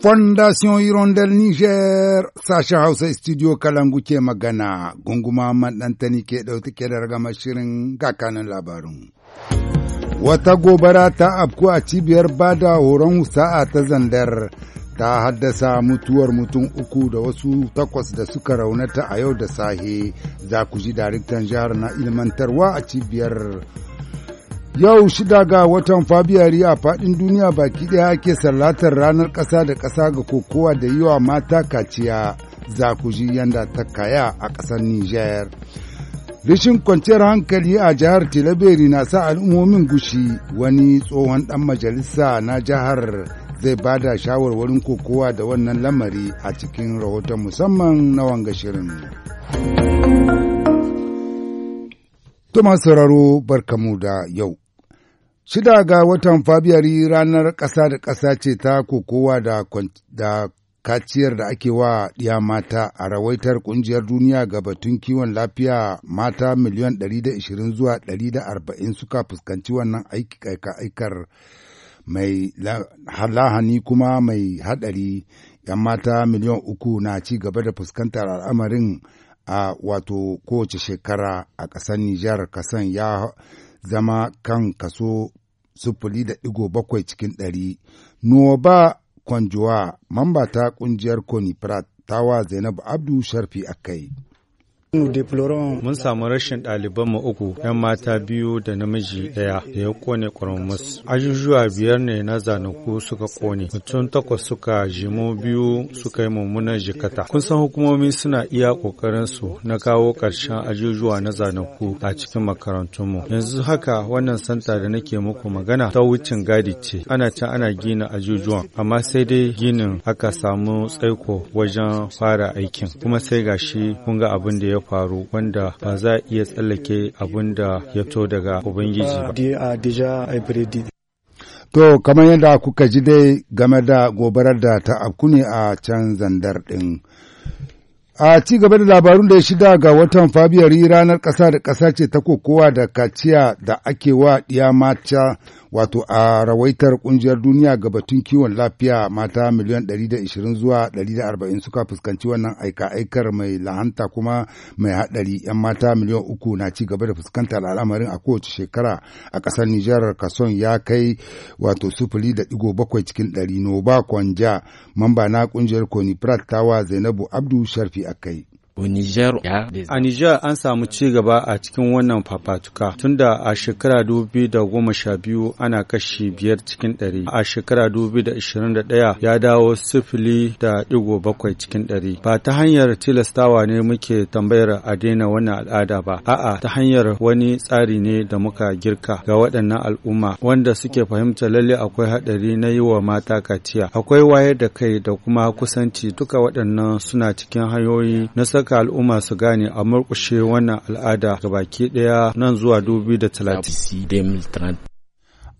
Fondation Hirondelle Niger sashen Hausa studio Kalangu ke magana gunguma maɗantani ke ɗauki ke da mashirin shirin kakanin labarin. Wata gobara ta afku a cibiyar bada horon sa'a ta zandar ta haddasa mutuwar mutum uku da wasu takwas da suka raunata a yau da sahe za ku ji daraktan jihar na ilmantarwa a cibiyar yau shida ga watan fabiyari a fadin duniya baki daya ake sallatar ranar ƙasa da kasa ga kokowa da yiwa mata kaciya za ku ji yanda ta kaya a kasar niger rishin kwanciyar hankali a jihar tilaberi na sa al'ummomin gushi wani tsohon ɗan majalisa na jihar zai ba da shawarwarin kokowa da wannan lamari a cikin rahoton musamman na wanga shirin. Tuma sauraro barkamu da yau. Shida ga watan Fabiyari ranar ƙasa da ƙasa ce ta kokowa da, da kaciyar da ake wa ɗiya mata a rawaitar ƙungiyar duniya ga batun kiwon lafiya mata miliyan 120 zuwa 140 suka fuskanci wannan aikar mai lahani kuma mai haɗari 'yan mata miliyan uku na ci gaba da fuskantar al'amarin a wato kowace shekara a ƙasar Nijar kasan ya zama kan kaso sufuri da ɗigo bakwai cikin ɗari. Nuwaba Kwanjuwa, mamba ta ƙungiyar Prat, tawa zainab Abdu Sharfi a kai. Mun samu rashin ɗaliban mu uku, 'yan mata biyu da namiji ɗaya da ya kone ƙwarmus. Ajujuwa biyar ne na zanaku suka kone, mutum takwas suka jimo biyu suka yi mummunan jikata. Kun san hukumomi suna iya ƙoƙarinsu su na kawo ƙarshen ajujuwa na zanaku a cikin makarantunmu. Yanzu haka wannan santa da nake muku magana ta wucin gadi ce. Ana can ana gina ajujuwan, amma sai dai ginin aka samu tsaiko wajen fara aikin. Kuma sai gashi kun ga abin da ya ya faru wanda ba za a iya tsallake abin da ya fito daga Ubangiji ba. To, kamar yadda kuka ji dai game da gobarar da ta ne a can zandar ɗin. A ci gaba da labarun da ya shida ga watan Fabiyari ranar ƙasa da ƙasa ce ta kokowa da kaciya da ake wa ɗiya mata wato a rawaitar kungiyar duniya ga batun kiwon lafiya mata miliyan 120 zuwa 140 suka fuskanci wannan aika-aikar mai lahanta kuma mai haɗari 'yan mata miliyan uku na ci gaba da fuskantar al'amarin a kowace shekara a kasar Nijar kason ya kai wato sufuri da digo bakwai cikin ɗari noba kwanja mamba na kungiyar konifrat tawa zainabu abdu sharfi akai. Niger A Niger an samu ci gaba a cikin wannan fafatuka tunda a shekara biyu ana kashi biyar cikin ɗari a shekara ɗaya ya dawo sifili da digo bakwai cikin ɗari ba ta hanyar tilastawa ne muke tambayar a daina wannan al'ada ba a'a ta hanyar wani tsari ne da muka girka ga waɗannan al'umma wanda suke fahimta lalle akwai haɗari na yi wa mata kaciya akwai wayar da kai da kuma kusanci duka waɗannan suna cikin hanyoyi na saka duka al'umma su gane a murƙushe wannan al'ada ga baki ɗaya nan zuwa da 2030.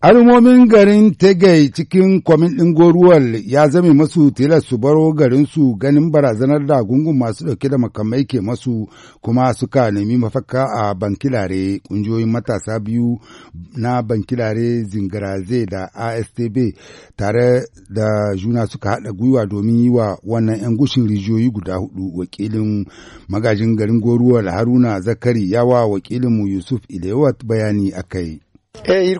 Al'ummomin garin Tegai cikin kwamin ɗin Goruwal ya zame masu tilas su baro garinsu ganin barazanar da gungun masu ɗauke da makamai ke masu kuma suka nemi mafaka a bankilare ƙungiyoyin matasa biyu na bankilare zingarazai da ASTB tare da juna suka haɗa gwiwa domin yi wa wannan 'yan gushin rijiyoyi guda hudu wakilin magajin garin Goruwal Haruna Zakari ya yawa wakilinmu Yusuf Ilewat bayani akai. Eh,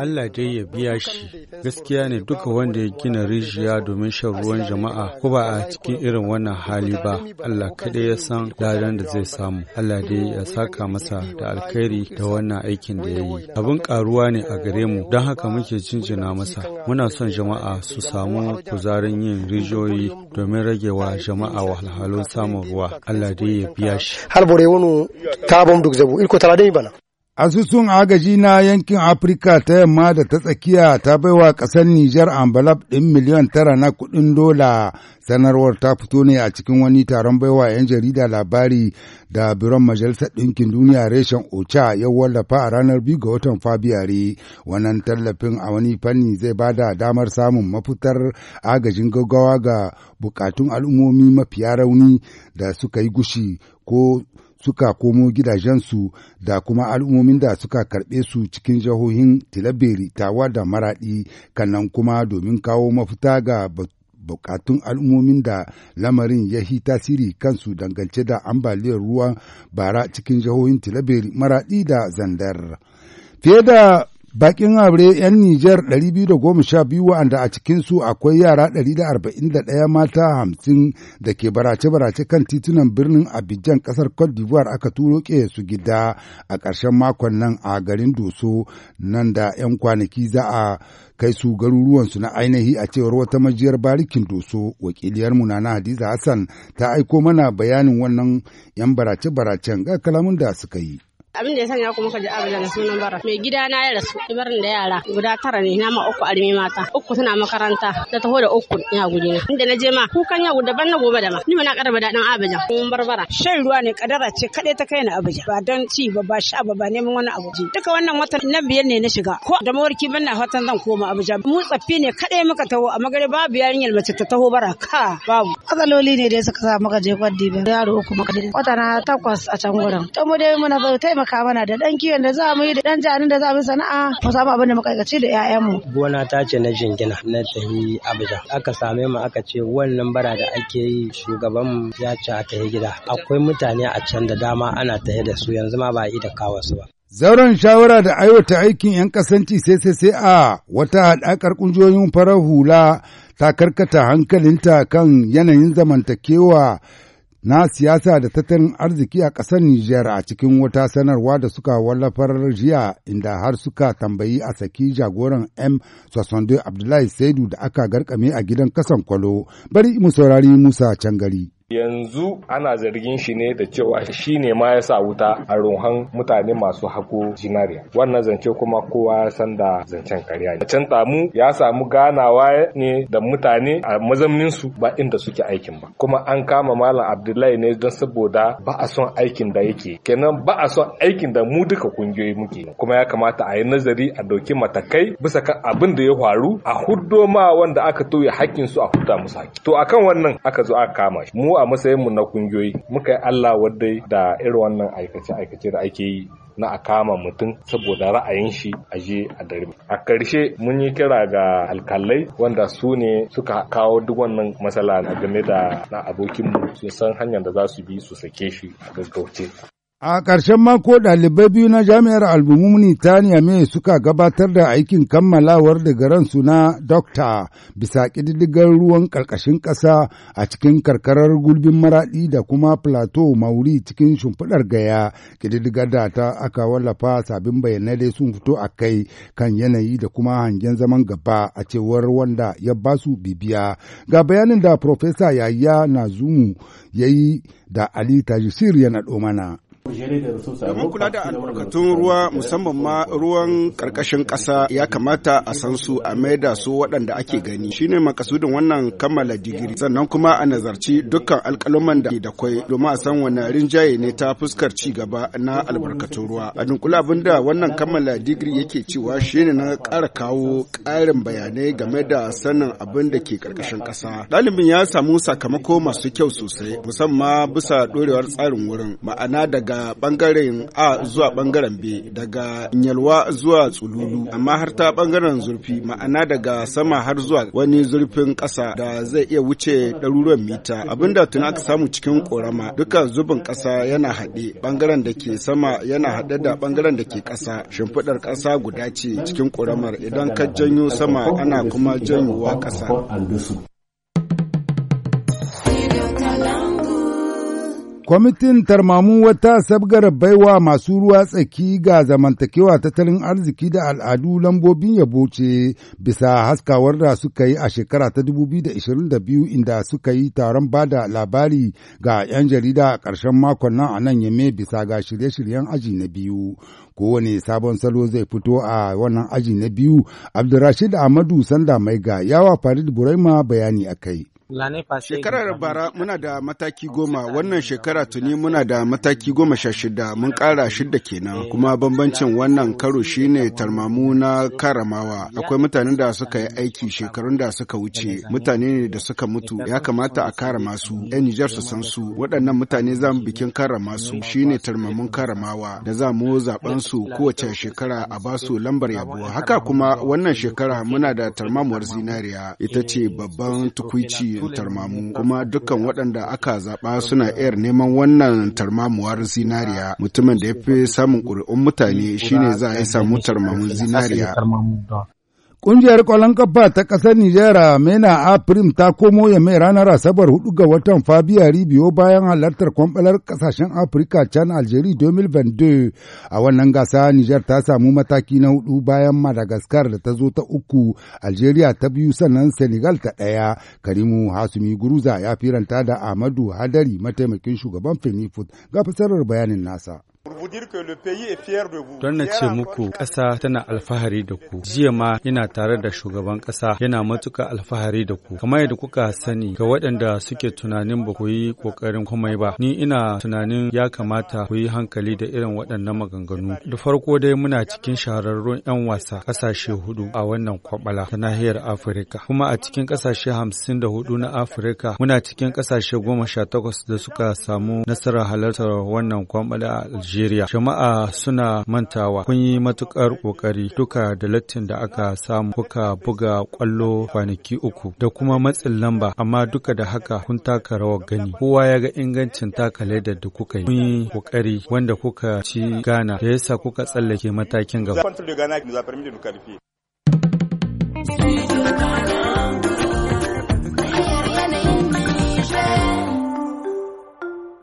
Allah dai ya biya shi gaskiya ne duka wanda ya gina rijiya domin shan ruwan jama'a ko ba a cikin irin wannan hali ba Allah kaɗai ya san ladan da zai samu Allah dai ya saka masa da alkhairi da wannan aikin da ya yi abin karuwa ne a gare mu don haka muke jinjina masa muna son jama'a su samu kuzarin yin rijiyoyi domin rage wa jama'a wahalhalun samun ruwa Allah dai ya biya shi har bore wani tabon duk zabu ilko tara dai bana Asusun agaji na yankin Afirka ta yamma da ta tsakiya ta baiwa ƙasar Nijar ambalab ɗin miliyan tara na kuɗin dola sanarwar ta fito ne a cikin wani taron baiwa 'yan jarida labari da biron Majalisar Ɗinkin Duniya reshen OCHA ya wallafa a ranar biyu ga watan Fabiyare. Wannan tallafin a wani fanni zai ba da damar samun mafutar agajin gaggawa ga bukatun al'ummomi mafiya rauni da suka yi gushi ko suka komo gidajensu da kuma al'ummomin da suka karɓe su cikin jihohin tilaberi tawa da maraɗi kannan kuma domin kawo mafita ga bukatun al'ummomin da lamarin ya yi tasiri kansu dangance da ambaliyar ruwan bara cikin jihohin tilaberi maraɗi da zandar. Fiye da Bakin aure 'yan Nijar 212 wa'anda a cikinsu akwai yara 141 mata hamsin da ke barace-barace kan titunan birnin Abidjan kasar Cote d'Ivoire aka turo ke su gida a ƙarshen makon nan a garin Doso nan da 'yan kwanaki za a kai su garuruwansu na ainihi a cewar wata majiyar barikin doso wakiliyarmu na hadiza hassan ta aiko mana bayanin wannan 'yan barace-baracen ga kalamun da suka yi abin da ya sanya kuma ka ji abu na sunan bara mai gida na ya rasu ibarin da yara guda tara ne na ma uku arme mata uku suna makaranta ta taho da uku ina guje ne inda na je ma kukan yau daban na gobe da ma ni ma na karba daɗin abuja mun barbara shan ruwa ne kadara ce kadai ta kai na abuja ba don ci ba ba sha ba ba neman wani abu duka wannan watan na biyar ne na shiga ko da mawarki ban na fatan zan koma abuja mu tsaffi ne kadai muka taho a magare babu yarinyar mace ta taho bara ka babu matsaloli ne da suka sa muka je kwaddi ba yaro uku muka je wata na takwas a can gurin to mu dai muna bai taimaka mana da ɗan kiwon da za mu yi da ɗan jarin da za mu sana'a mu samu abin da muka da Gona ta ce na jingina na tahi Abuja. Aka same mu aka ce wannan bara da ake yi shugaban ya ce aka yi gida. Akwai mutane a can da dama ana tahi da su yanzu ma ba a yi da kawo su ba. Zauren shawara da aiwata aikin 'yan kasanci sai sai sai a wata haɗakar ƙungiyoyin farar hula ta karkata hankalinta kan yanayin zamantakewa na siyasa da tattalin arziki a ƙasar Nijar a cikin wata sanarwa da suka wallafar jiya inda har suka tambayi a saki jagoran M. Sassondo Abdullahi Saidu da aka garkame a gidan kasan kwalo. Bari mu saurari Musa Cangari. yanzu ana zargin shi ne da cewa shi ne ma ya sa wuta a rohan mutane masu hako zinariya wannan zance kuma kowa ya san da zancen karya ne can tamu ya samu ganawa ne da mutane a mazaunin su ba inda suke aikin ba kuma an kama malam abdullahi ne don saboda ba a son aikin da yake kenan ba a son aikin da mu duka kungiyoyi muke kuma ya kamata a yi nazari a dauki matakai bisa kan abin da ya faru a huddo ma wanda aka toye hakkin su a huta musu hakki to akan wannan aka zo aka kama shi mu a mu na kungiyoyi muka yi Allah wadda da irin wannan aikace-aikace da ake yi na a kama mutum saboda ra'ayin shi a je a dare. A karshe mun yi kira ga alkalai wanda su ne suka kawo duk wannan matsala na game da na abokinmu sun san hanyar da za su bi su sake shi a gaggauce. A ƙarshen mako ɗalibai biyu na jami'ar Albumuni ta Niyame suka gabatar da aikin kammalawar daga ransu na Dokta bisa ƙididdigar ruwan ƙarƙashin ƙasa a cikin karkarar gulbin maraɗi da kuma plateau mauri cikin shimfiɗar gaya. Ƙididdigar da ta aka wallafa sabbin bayanai dai sun fito a kai kan yanayi da kuma hangen zaman gaba a cewar wanda ya ba su bibiya. Ga bayanin da Profesa Yahya Nazumu ya yi da Ali Tajisir ya naɗo mana. Domin kula da albarkatun ruwa musamman ma ruwan karkashin ƙasa ya kamata a san su a maida su waɗanda ake gani shine makasudin wannan kammala digiri sannan kuma a nazarci dukkan alkaloman da ke da kwai domin a san wani rinjaye ne ta fuskar ci gaba na albarkatun ruwa. A dunkula abin da wannan kammala digiri yake cewa shine na ƙara kawo ƙarin bayanai game da sanin abin da ke karkashin ƙasa. Ɗalibin ya samu sakamako masu kyau sosai musamman bisa ɗorewar tsarin wurin ma'ana daga daga bangaren A zuwa bangaren B daga Nyalwa zuwa Tsululu amma har ta bangaren zurfi ma'ana daga sama har zuwa wani zurfin ƙasa da zai iya wuce ɗaruruwan mita abinda tun aka samu cikin ƙorama duka zubin ƙasa yana haɗe bangaren da ke sama yana haɗe da bangaren da ke ƙasa shimfiɗar ƙasa guda ce cikin ƙoramar idan ka janyo sama ana kuma janyowa ƙasa. Kwamitin tarmamu wata sabgar baiwa masu ruwa tsaki ga zamantakewa tattalin arziki da al'adu lambobin yabo ce bisa haskawar da suka yi a shekara ta 2022 inda suka yi taron bada labari ga 'yan jarida a ƙarshen makon nan a nan yame bisa ga shirye-shiryen aji na biyu. Kowane sabon salo zai fito a wannan aji na biyu, Abdurrashid Ahmadu Sanda Maiga yawa Farid Buraima bayani a kai. Shekarar bara muna da mataki goma, wannan shekara tuni muna da mataki goma sha shida, mun ƙara shida kenan. Kuma bambancin wannan karo shine tarmamu na karamawa. Akwai mutanen da suka yi aiki shekarun da suka wuce, mutane ne da suka mutu, ya kamata a kara masu, 'yan Nijar su san su, waɗannan mutane za bikin kara masu shine tarmamun karamawa da za mu zaben su kowace shekara a ba su lambar yabo. Haka kuma wannan shekara muna da tarmamuwar zinariya, ita ce babban tukwici fahimtar tarmamu kuma dukkan waɗanda aka zaɓa suna iyar neman wannan tarmamuwar zinariya mutumin da ya fi samun ƙuri'un mutane shine za a yi samu tarmamun zinariya. Ƙungiyar ƙwallon ƙafa ta ƙasar Nijera Mena Afrim ta komo ya mai ranar Asabar 4 ga watan Fabiyari biyo bayan halartar kwamfalar ƙasashen Afirka can Aljeri 2022 a wannan gasa Nijar ta samu mataki na hudu bayan Madagascar da ta zo ta uku, Aljeriya ta biyu sannan Senegal ta ɗaya. Karimu Hasumi Guruza ya firanta da Ahmadu Hadari mataimakin shugaban Fenifut ga fasarar bayanin nasa. Don na ce muku ƙasa tana alfahari da ku. Jiya ma yana tare da shugaban ƙasa yana matuka alfahari da ku. Kamar yadda kuka sani ga waɗanda suke tunanin ba ku yi ƙoƙarin komai ba. Ni ina tunanin ya kamata ku yi hankali da irin waɗannan maganganu. Da farko dai muna cikin shahararrun 'yan wasa ƙasashe hudu a wannan kwabala ta nahiyar Afirka. Kuma a cikin ƙasashe hamsin da hudu na Afirka muna cikin ƙasashe goma sha takwas da suka samu nasarar halartar wannan kwabala a Najeriya. Jama'a suna mantawa kun yi matukar kokari duka da lattin da aka samu kuka buga kwallo kwanaki uku da kuma matsin lamba amma duka da haka kun taka rawar gani. Kowa ya ga ingancin taka ledar da kuka yi. Kun yi kokari wanda kuka ci gana da yasa kuka tsallake matakin gaba.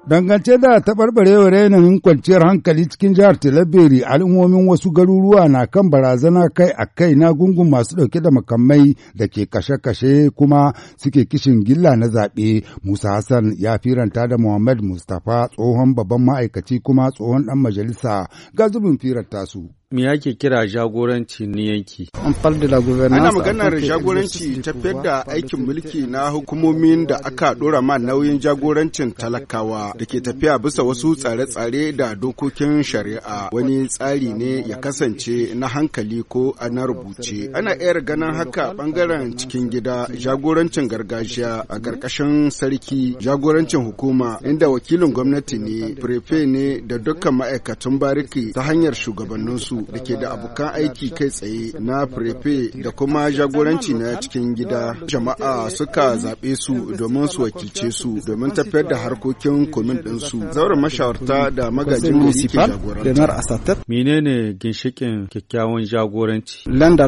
Dangance da taɓarɓarewar yanayin kwanciyar hankali cikin jihar tilabiri al'ummomin wasu garuruwa na kan barazana kai a kai na gungun masu ɗauke da makamai da ke kashe-kashe kuma suke kishin gilla na zaɓe. Musa Hassan ya firanta da Muhammad Mustapha tsohon babban ma'aikaci kuma tsohon ɗan majalisa ga zubin firanta su. Mi ake kira jagoranci ni yanki? Ana maganar jagoranci tafiyar da aikin mulki na hukumomin da aka ɗora ma nauyin jagorancin talakawa da ke tafiya bisa wasu tsare-tsare da dokokin shari'a wani tsari ne ya kasance na hankali ko na rubuce. Ana iya ganin haka ɓangaren cikin gida jagorancin gargajiya a ƙarƙashin sarki jagorancin hukuma inda wakilin gwamnati ne, prefe ne da dukkan ma'aikatan bariki ta hanyar shugabanninsu da ke da abokan aiki kai tsaye na prefe da kuma jagoranci na cikin gida jama'a suka zaɓe su domin su wakilce su domin tafiyar da harkokin komin ɗinsu zauren mashawarta da magajin municipal menene ginshikin kyakkyawan jagoranci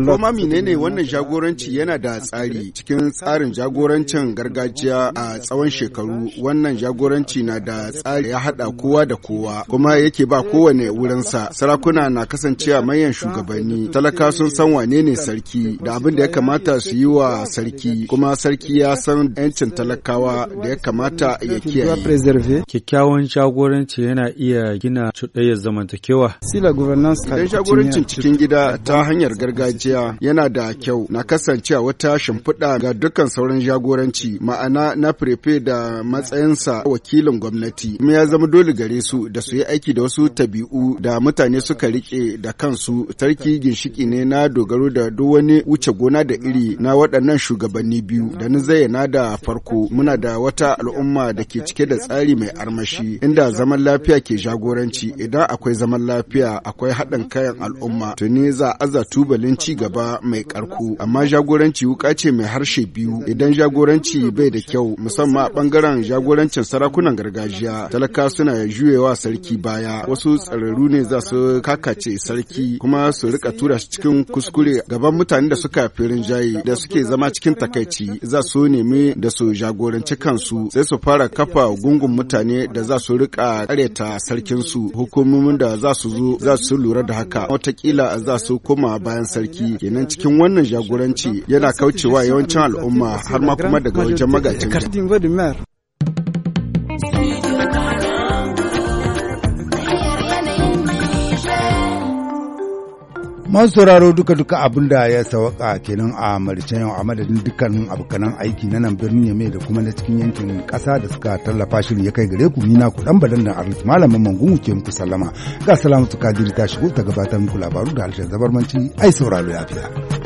kuma menene wannan jagoranci yana da tsari cikin tsarin jagorancin gargajiya a tsawon shekaru wannan jagoranci na da tsari ya haɗa kowa da kowa kuma yake ba kowane wurinsa sarakuna na kasance cewa manyan shugabanni talaka sun san wane ne sarki da abin da ya kamata su yi wa sarki kuma sarki ya san 'yancin talakawa da ya kamata ya kiyaye. Kyakkyawan jagoranci yana iya gina cuɗayyar zamantakewa. Idan jagorancin cikin gida ta hanyar gargajiya yana da kyau na kasancewa wata shimfiɗa ga dukkan sauran jagoranci ma'ana na prefe da matsayinsa wakilin gwamnati. Kuma ya zama dole gare su da su yi aiki da wasu tabi'u da mutane suka riƙe da a kansu tarki ginshiki ne na dogaro da duk wani wuce gona da iri na waɗannan shugabanni biyu da na zayyana da farko muna da wata al'umma da ke cike da tsari mai armashi inda zaman lafiya ke jagoranci idan akwai zaman lafiya akwai haɗin kayan al'umma tuni za a aza tubalin ci gaba mai karko amma jagoranci wuka ce mai harshe biyu idan jagoranci bai da kyau musamman a bangaren jagorancin sarakunan gargajiya talaka suna juyewa sarki baya wasu tsararru ne za su kakace sarki sarki kuma su rika tura shi cikin kuskure gaban mutane da suka fi rinjaye da suke zama cikin takaici za su nemi da su jagoranci kansu sai su fara kafa gungun mutane da za su rika kareta sarkinsu hukumomin da za su zo za su lura da haka watakila za su koma bayan sarki kenan cikin wannan jagoranci yana kaucewa yawancin al'umma har ma kuma daga wajen magajin sauraro duka-duka abin da ya sawaka kenan a maricen yau a madadin dukkan abokanan aiki na nan birnin yame da kuma na cikin yankin kasa da suka tallafa shirin ya kai gare ku ni na ku dan badan da arlit malamin salama ke muku sallama ga salamatu kadiri ta shigo ta gabatar muku labaru da harshen zabarmanci ai sauraro lafiya.